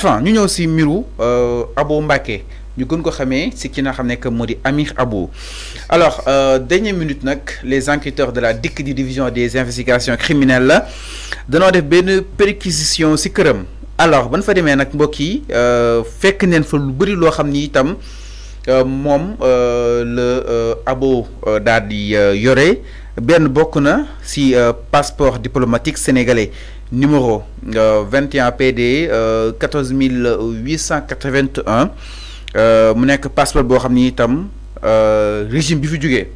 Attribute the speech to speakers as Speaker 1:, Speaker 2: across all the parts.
Speaker 1: enfin ñu ñëw si euh Abo Mbacké ñu gën ko xamé ci ki nga xamné que modi Amir Abo alors euh, dernière minute nak les enquêteurs de la DIC di division des investigations criminelles la danoo def ben perquisition ci këram alors ban fa démé nak mbokk yi euh, fekk neen fa lu bari lo xamni ni itam. Euh, moom euh, le euh, abo dadi yoré bien beaucoup passeport diplomatique sénégalais numéro 21 PD 14881 mu passeport de régime bi fi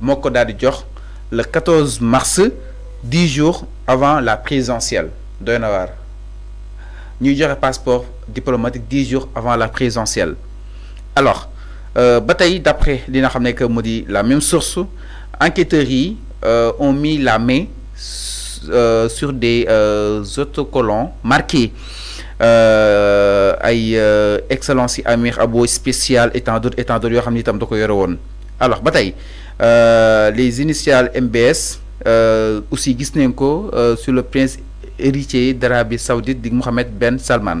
Speaker 1: le 14 mars 10 jours avant la présidentielle de na waar passeport diplomatique 10 jours avant la présidentielle alors euh, Bataille, d'après les nga la même source enquêteurs euh, ont mis la main euh, sur des autocollants marqués ay excellence Amir Abo spécial étant donné d'autres et tant d'autres yoo de alors Bataille, les initiales MBS aussi gis sur le prince héritier d'Arabie Saoudite de Mohammed Ben Salman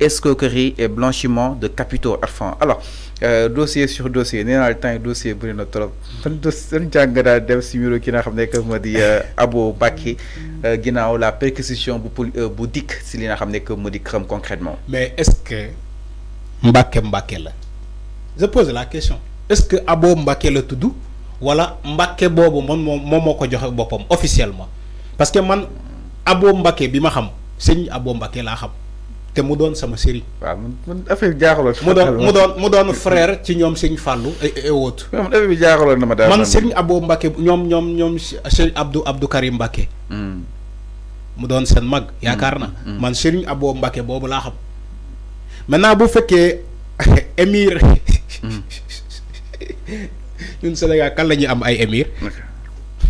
Speaker 1: escroquerie et blanchiment de capitaux enfants? alors euh, dossier sur dossier nee naa le temps dossier bëri na trop man seen jàng daal qui si miro ki nga xam nekk euh, euh, la perquisition bu si on nga xam concrètement
Speaker 2: mais est-ce que Mbacké Mbacké là je pose la question est-ce que Abo Mbacké le tout wala Mbacké boobu man mon moom moo ko joxe officiellement parce que man Abo Mbacké c'est Abou xam sëñ Abo Mbacké la te mu doon sama sëriñ. waaw man affaire bi jaaxaloon mu doon mu doon mu doon frère ci ñoom sëñ Fallou et autres. man affaire bi jaaxaloon na ma daal man sëñ Abou Mbacke ñoom ñoom ñoom sëñ Abdou Abdou Karim Mbacke. Hmm. mu doon seen mag. yaakaar hmm, na hmm, man sëñ Abou Mbacke boobu laa xam. maintenant bu fekkee émir. ñun Sénégal kan la am ay émir.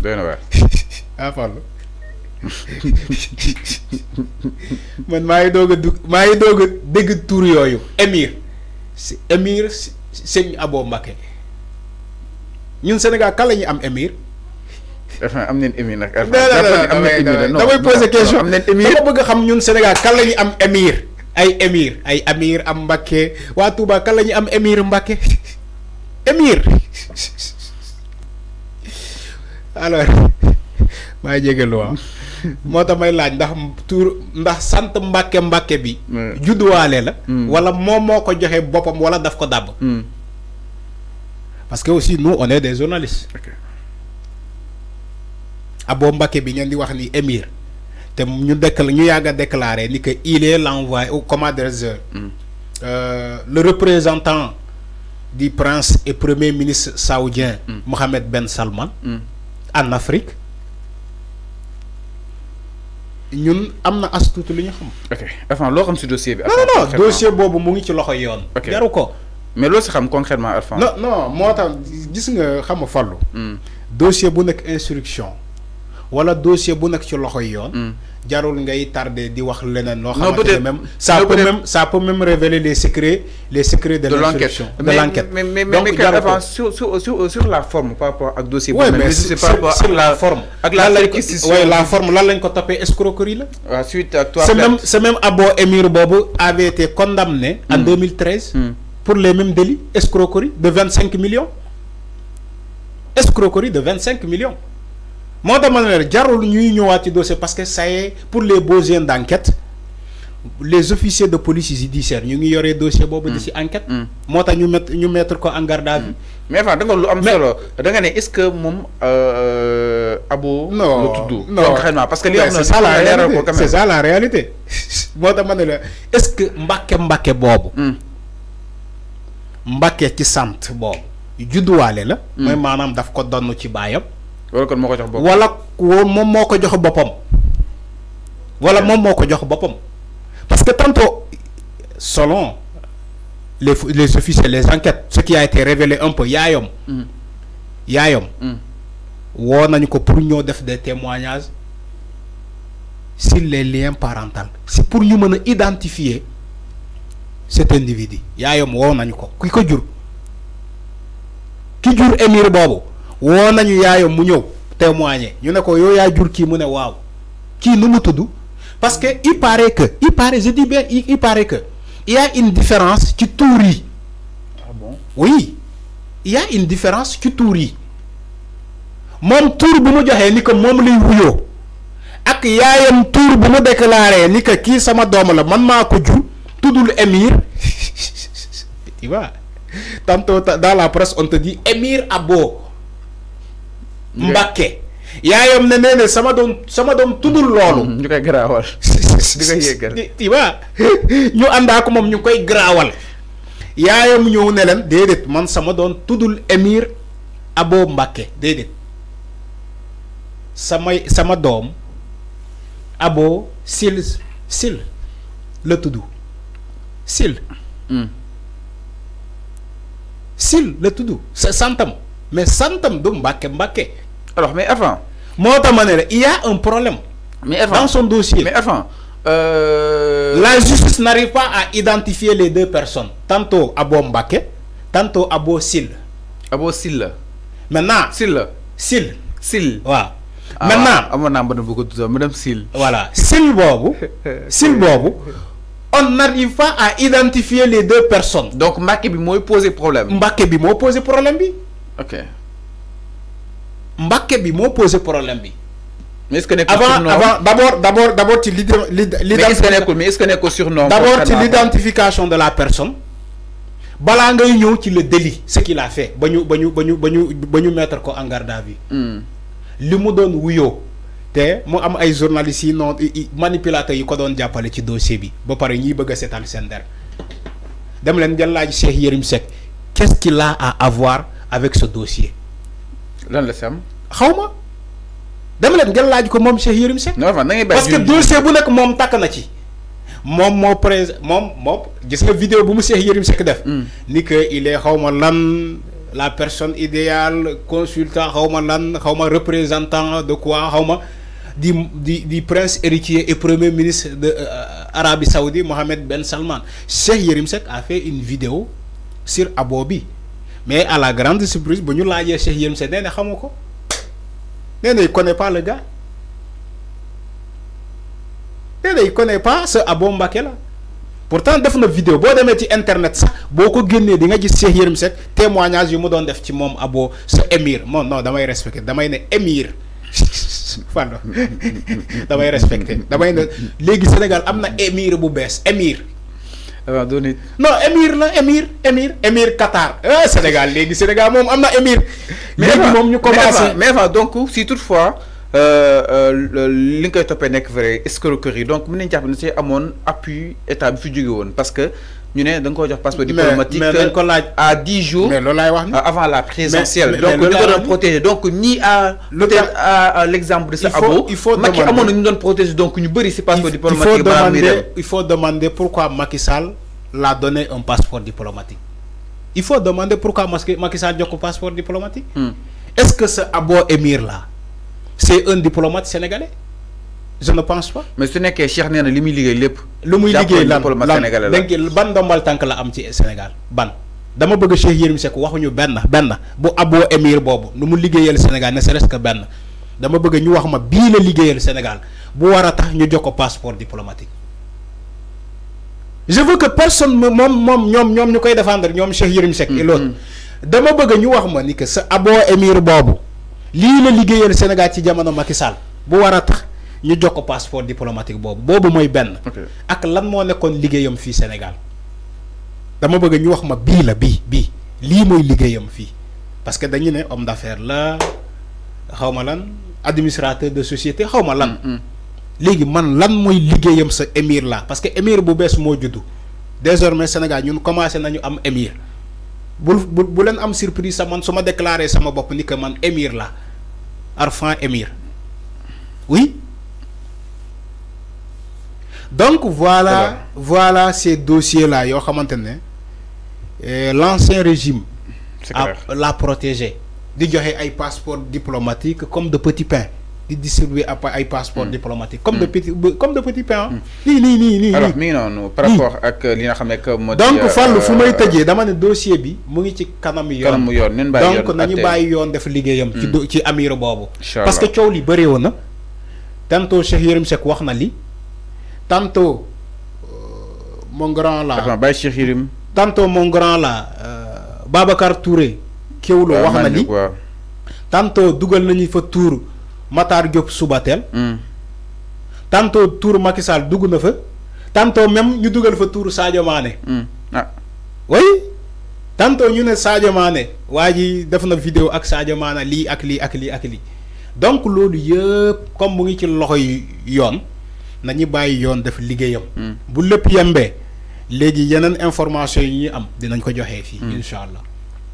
Speaker 2: doy na waar. ah Fallou. man maa ngi doog a dugg maa ngi doog a dégg tur yooyu émir si émir sëñ Abo Mbacké ñun Sénégal kal la am émir. am nañ émir nag. am nañ émir damay poser question am nañ émir dama bëgg xam ñun Sénégal kan la am émir ay émir ay amir am Mbacké waa Touba kan la am émir Mbacké émir alors maa jégalu waaw. moo tamay laaj ndax tour ndax sant mbàkke mbàkke bi judduwaale la mm. wala moom moo ko joxe boppam wala daf ko dàbb mm. parce que aussi nous on est des journalistes abo mbàkke bi ngeen di wax ni émir te ñu décl ñu yàgg a déclaré ni que il est l'envoyé au commandeur mm. euh, le représentant du prince et premier ministre saoudien Mohamed Ben Salman en Afrique ñun am na as tuuti lu ñu xam. ok
Speaker 1: Arfan loo xam si dossier bi. non non non dossier
Speaker 2: boobu mu ngi ci loxo
Speaker 1: yoon. jaru ko. mais loo si xam concrètement Arfan. non
Speaker 2: non moo tax gis nga xam nga fàllu. Hmm. dossier bu nekk instruction. wala dossier bu nekk ci loxo yoon. Hmm. jarul ngay tardé di wax leneen. lo même ça peut même ça peut même révéler les secrets les secrets de. l'enquête de l'enquête mais mais
Speaker 1: sur sur sur la forme par rapport
Speaker 2: à dossier. oui mais à la forme. ak la la forme
Speaker 1: lan lañ ko tapé escroquerie là ah, suite ak toi. même
Speaker 2: ce même Abo Emir bobo avait été condamné. en 2013. Hmm. Hmm. pour les mêmes délits escroquerie de 25 millions. escroquerie de 25 millions moo tax ma ñuy ñëwaat ci dossier parce que ça est pour les besoins d' enquête les officiers de police judiciaire ñu ngi yoree dossier boobu. di mm. enquête. Mm. moo tax ñu mettre ñu mettre ko en garde à vue. Mm. mais fa da nga lu am solo da nga ne est
Speaker 1: ce que euh, euh abo. non la tudd non parce que li am na. ça la réalité C'est ça
Speaker 2: la réalité moo tax est ce que Mbake Mbake boobu. mbàkke ci sant boobu judduwaale la. mooy maanaam daf ko donn ci baayam wala kon moo ko jox boppam wala moom moo ko jox bopam wala eh. mom moko jox bopam parce que tantôt selon les les officiers les enquêtes ce qui a été révélé un peu yayom mm. yayom mm. wo nañ ko pour ñoo def des témoignages sur les liens parentaux C'est pour ñu y a identifier cet individu yayom wo nañ ko ki ko jur ki jur emir Bobo? on nañu yaayam mu ñew témoigner ñu ne ko yo yaa jur kii mu ne waaw ki nu mu tuddu parce que il paraît que il paraît je dis bien il paraît que il y a une différence ci tourne ah bon oui il y a une différence ci tuur yi moom tuur bu mu joxee ni que moom lay wuyo ak yaayam tour bu mu déclarer ni que sama doom la man maa ko jur tuddul tu vois tantôt dans la presse on te dit emir Abo. Mbàkke yaayam ne nee na sama doom sama doom tuddul mm-hmm. loolu. ñu koy garaawal di koy yëggal ñu àndaa ko moom ñu koy garaawal yaayam ñëw ne leen déedéet man sama doom tuddul émir Abo Mbàkke déedéet samay sama doom Abo Sil Sil la tudd mm. la tudd sa santam mais santam du Mbàkke Mbàkke. alors mais avant moi il y a un problème. mais avant dans son dossier. mais avant, euh, la justice n'arrive pas à identifier les deux personnes. tantôt Abo Mbake, tantôt Abo Sil. Abo Sil maintenant Sil Syl, Sil. voilà. Ah, maintenant ah madame voilà Sil Bobo, Sil Bobo, on n'arrive pas à identifier les deux personnes. donc Mbake bi pose problème. Mbake bi pose problème bi. ok. Mbacké bi mo posé problème bi. mais est-ce que nekkul avant avant d'abord d'abord d'abord tu l'idée mais est-ce que nekkul mais est-ce surnom. d'abord tu l'identification de la personne. bala ngay ñëw ci le délit ce qu'il a fait bañu bañu bañu bañu ba mettre ko en garde à vue hmm. li mu doon wuyo té mo am ay journalistes yi non manipulateurs yi ko doon jappalé ci dossier bi ba pare ñi bëgg sétal sen der dem len jël laaj Cheikh Yérim Seck qu'est-ce qu'il a à avoir avec ce dossier lan la si dama Cheikh parce que dossier bu nek mom tak na ci. vidéo bu mu Cheikh hmm. ni que il est la personne idéale consultant xaw lan représentant de quoi xaw di prince héritier et premier ministre de euh, Arabie Saoudite Mohammed Ben Salman Cheikh yirim sek a fait une vidéo sur abo mais à la grande surprise bonjour ñu c'est Cheikh Yérim Seck nee connaît pas le gars nee ne connaît pas ce Abo là pourtant dans na vidéo boo de ci internet ça beaucoup ko des di nga gis Cheikh Yérim témoignage yu mu doon def ci mom Abo ce émir non non damay respecté damay est émir pardon damay respecté damay ne léegi Sénégal am na émir bu bees émir waaw doo non émir la émir émir émir Qatar ah Sénégal les Sénégal moom am na émir. mais moom ñu commencé
Speaker 1: mais va donc si toutefois euh, euh, li nga koy toppee nekk vrai escroquerie donc mën nañu jàpp ne si amoon appui état bi fi jóge woon parce que nous avons un passeport diplomatique dañ ko laaj à 10 jours avant la présidentielle donc nous ko protéger
Speaker 2: donc ni à l'exemple de sa abo il faut Macky nous
Speaker 1: ñu protéger donc ñu ce
Speaker 2: passeport diplomatique il faut demander pourquoi Macky Sall l'a donné un passeport diplomatique il faut demander pourquoi Macky Sall jox un passeport diplomatique hmm. est-ce que ce abo Emir là c'est un diplomate sénégalais je ne pense pas. mais ce n'est Cheikh nee na li muy liggéey la lu muy liggéey lan ban dombal tank la am ci Sénégal ban. dama bëgg Cheikh Yérim Seck ñu ben ben bu abo émir bobu nu mu le Sénégal ne serait-ce que benn dama bëgg ñu wax ma bi la liggéeyal Sénégal bu wara a tax ñu jox passeport diplomatique. je veux que personne mom moom ñom ñoom ñu défendre ñom Cheikh Yérim Seck. et mm-hmm. l'autre dama bëgg ñu wax ma ni que sa abo émir bobu li la liggéeyal Sénégal ci jamono Macky Sall bu wara tax ñu jox ko passeport diplomatique Bob boobu moy ben ak lan mo nekkoon liggéeyam fi Sénégal dama bëgg ñu wax ma bi la bi bi li moy liggéeyam fi parce que dañu ne homme d'affaires la xawma lan administrateur de société xawma lan. léegi man lan moy liggéeyam sa émir là parce que émir bu bees mo juddu désormais Sénégal ñun commencé nañu am émir bu bu len am surprise sa man suma ma déclaré sama bop ni que man émir là arfan émir oui donc voilà voilà ces dossiers là yoo xamante maintenant eh, l'ancien régime a la protégé di joxe ay passeport diplomatique comme de petits pains, di distribuer ay passeport hmm. diplomatique comme de hmm. petits comme de petits pains. Ni, ni, ni, ni. alors mais non, non, par hmm. rapport
Speaker 1: à li nga xam ne que
Speaker 2: moo donc fàll euh, fu may tëjee dama ne dossier bi mu ngi ci kanamu yoon kanamu yoon donc nañu bàyyi yoon def liggéeyam ci ci parce que tu as libéré woon na tantôt Cheikh Yérim Seck wax na li tantôt euh, la grand là. Attends, Baye Cheikh euh, Babacar Touré. Kewlo wax na li tantôt dugal nañu fa tuur Matar Diop Soubatel. Hmm. tantôt tuur Macky dugg na fa. tantôt même ñu dugal fa tuur Sadio Mané. Hmm. ah ñu ne Sadio Mané waa ji def na vidéo ak Sadio Mané lii ak lii ak lii ak lii donc loolu yëpp comme mu ngi ci loxo yi yoon. nañu bàyyi yoon def liggéeyam. Hmm. bu lépp yembee léegi yeneen information yi ñuy am dinañ ko joxee fii. Hmm. incha allah.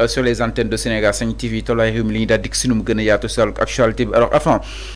Speaker 1: Euh, sur les antennes de Sénégal 5 TV tolluwaay réew mi li tout seul, actualité alors enfin